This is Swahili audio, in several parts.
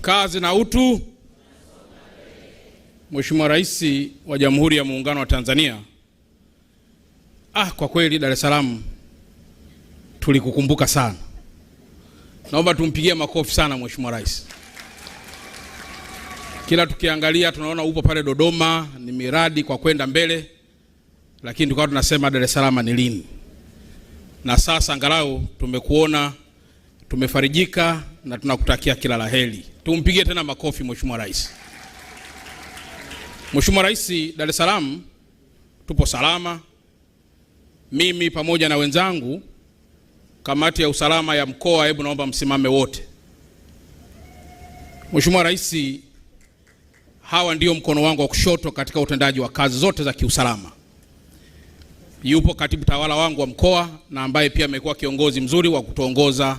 Kazi na utu. Mheshimiwa Rais wa Jamhuri ya Muungano wa Tanzania, ah, kwa kweli Dar es Salaam tulikukumbuka sana. Naomba tumpigie makofi sana Mheshimiwa Rais. Kila tukiangalia tunaona upo pale Dodoma, ni miradi kwa kwenda mbele, lakini tukawa tunasema Dar es Salaam ni lini? Na sasa angalau tumekuona tumefarijika na tunakutakia kila la heri. Tumpigie tena makofi Mheshimiwa Rais. Mheshimiwa Rais, Dar es Salaam tupo salama. Mimi pamoja na wenzangu kamati ya usalama ya mkoa, hebu naomba msimame wote. Mheshimiwa Rais, hawa ndio mkono wangu wa kushoto katika utendaji wa kazi zote za kiusalama. Yupo katibu tawala wangu wa mkoa na ambaye pia amekuwa kiongozi mzuri wa kutuongoza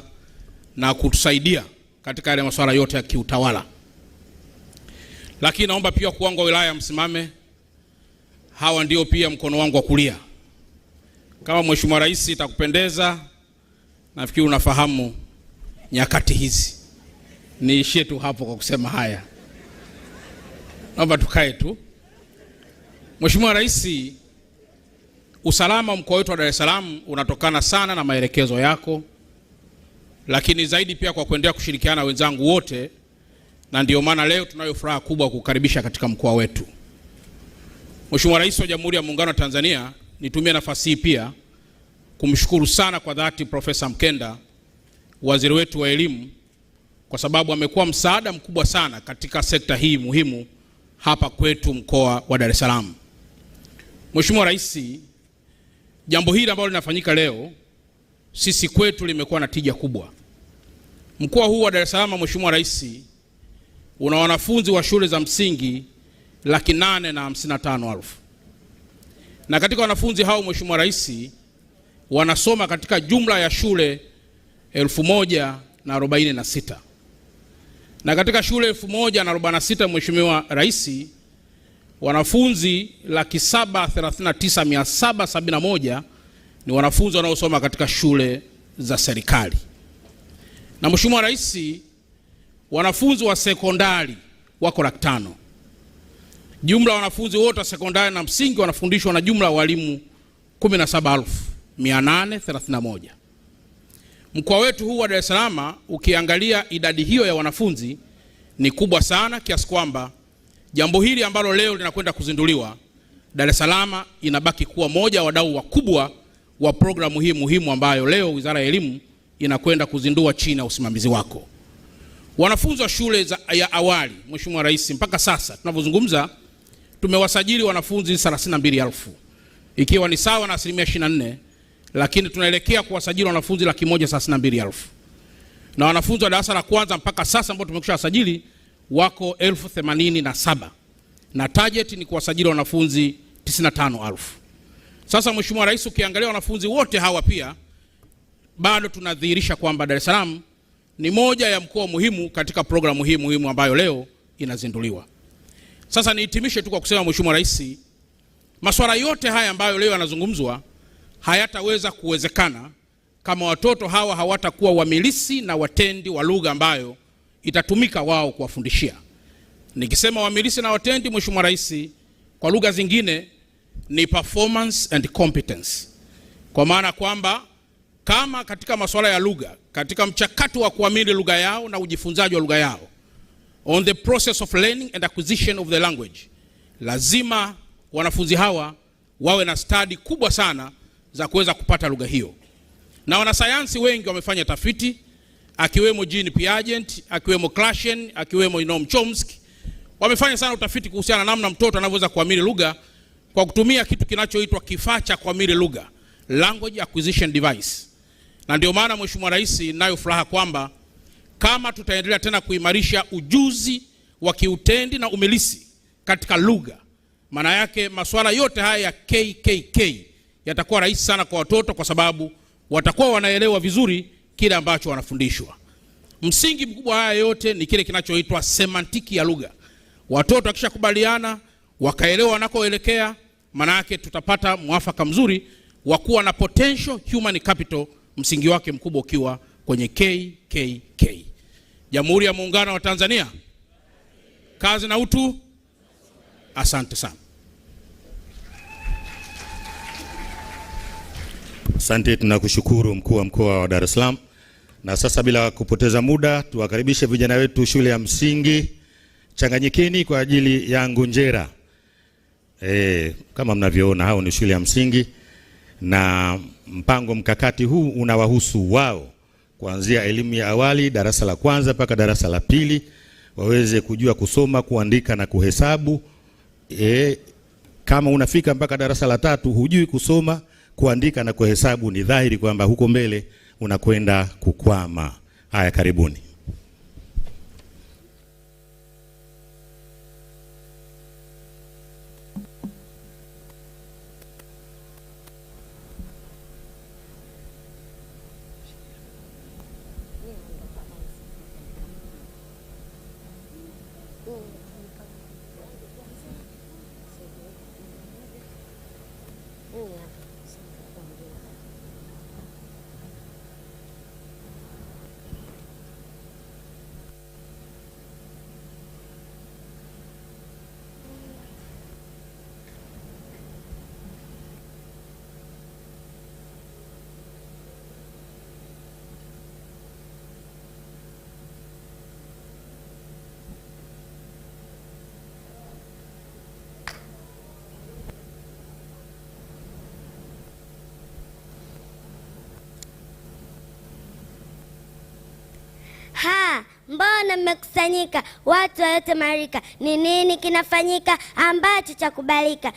na kutusaidia katika yale masuala yote ya kiutawala. Lakini naomba pia wakuu wangu wa wilaya msimame, hawa ndio pia mkono wangu wa kulia. Kama Mheshimiwa Rais itakupendeza, nafikiri unafahamu nyakati hizi, niishie tu hapo kwa kusema haya. Naomba tukae tu. Mheshimiwa Rais, usalama mkoa wetu wa Dar es Salaam unatokana sana na maelekezo yako lakini zaidi pia kwa kuendelea kushirikiana na wenzangu wote, na ndio maana leo tunayo furaha kubwa kukaribisha katika mkoa wetu Mheshimiwa Rais wa Jamhuri ya Muungano wa Tanzania. Nitumie nafasi hii pia kumshukuru sana kwa dhati Profesa Mkenda, waziri wetu wa elimu, kwa sababu amekuwa msaada mkubwa sana katika sekta hii muhimu hapa kwetu mkoa wa Dar es Salaam. Mheshimiwa Rais, jambo hili ambalo linafanyika leo sisi kwetu limekuwa na tija kubwa. Mkoa huu wa Dar es Salaam, Mheshimiwa Rais, una wanafunzi wa shule za msingi laki nane na hamsini na tano elfu na katika wanafunzi hao Mheshimiwa Rais, wanasoma katika jumla ya shule elfu moja na arobaini na sita na katika shule elfu moja na arobaini na sita Mheshimiwa Rais, wanafunzi laki saba thelathini na tisa mia saba sabini na moja ni wanafunzi wanaosoma katika shule za serikali. Na Mheshimiwa Rais, wanafunzi wa sekondari wako laki tano. Jumla wanafunzi wote wa sekondari na msingi wanafundishwa na jumla ya walimu 17831. Mkoa wetu huu wa Dar es Salaam ukiangalia idadi hiyo ya wanafunzi ni kubwa sana kiasi kwamba jambo hili ambalo leo linakwenda kuzinduliwa, Dar es Salaam inabaki kuwa moja wadau wakubwa wa programu hii muhimu ambayo leo Wizara ya Elimu inakwenda kuzindua chini ya usimamizi wako. Wanafunzi wa shule za, ya awali, Mheshimiwa Rais, mpaka sasa tunavyozungumza tumewasajili wanafunzi 32,000 ikiwa ni sawa na asilimia 24, lakini tunaelekea kuwasajili wanafunzi laki moja thelathini na mbili elfu na wanafunzi wa darasa la kwanza mpaka sasa ambao tumekusha wasajili wako elfu themanini na saba na target ni kuwasajili wanafunzi 95,000. Sasa Mheshimiwa Rais, ukiangalia wanafunzi wote hawa pia bado tunadhihirisha kwamba Dar es Salaam ni moja ya mkoa muhimu katika programu hii muhimu ambayo leo inazinduliwa. Sasa nihitimishe tu kwa kusema Mheshimiwa Rais, masuala yote haya ambayo leo yanazungumzwa hayataweza kuwezekana kama watoto hawa hawatakuwa wamilisi na watendi wa lugha ambayo itatumika wao kuwafundishia. Nikisema wamilisi na watendi, Mheshimiwa Rais, kwa lugha zingine ni performance and competence, kwa maana kwamba kama katika masuala ya lugha, katika mchakato wa kuamini lugha yao na ujifunzaji wa lugha yao, on the process of learning and acquisition of the language, lazima wanafunzi hawa wawe na stadi kubwa sana za kuweza kupata lugha hiyo, na wanasayansi wengi wamefanya tafiti akiwemo Jean Piaget, akiwemo Klassen, akiwemo Noam Chomsky wamefanya sana utafiti kuhusiana namna mtoto anavyoweza kuamini lugha kwa kutumia kitu kinachoitwa kifaa cha kuamini lugha, language acquisition device. Na ndio maana Mheshimiwa Rais, ninayo furaha kwamba kama tutaendelea tena kuimarisha ujuzi wa kiutendi na umilisi katika lugha, maana yake masuala yote haya ya KKK yatakuwa rahisi sana kwa watoto, kwa sababu watakuwa wanaelewa vizuri kile ambacho wanafundishwa. Msingi mkubwa haya yote ni kile kinachoitwa semantiki ya lugha. Watoto wakishakubaliana wakaelewa wanakoelekea, maana yake tutapata mwafaka mzuri wa kuwa na potential human capital msingi wake mkubwa ukiwa kwenye KKK, Jamhuri ya Muungano wa Tanzania, kazi na utu. Asante sana. Asante, tunakushukuru mkuu wa mkoa wa Dar es Salaam. Na sasa bila kupoteza muda, tuwakaribishe vijana wetu shule ya msingi Changanyikeni kwa ajili ya ngonjera. E, eh, kama mnavyoona hao ni shule ya msingi na mpango mkakati huu unawahusu wao kuanzia elimu ya awali darasa la kwanza mpaka darasa la pili, waweze kujua kusoma, kuandika na kuhesabu. E, kama unafika mpaka darasa la tatu hujui kusoma, kuandika na kuhesabu, ni dhahiri kwamba huko mbele unakwenda kukwama. Haya, karibuni. 있고 음. mbona mmekusanyika watu wa yote marika? Ni nini kinafanyika ambacho chakubalika?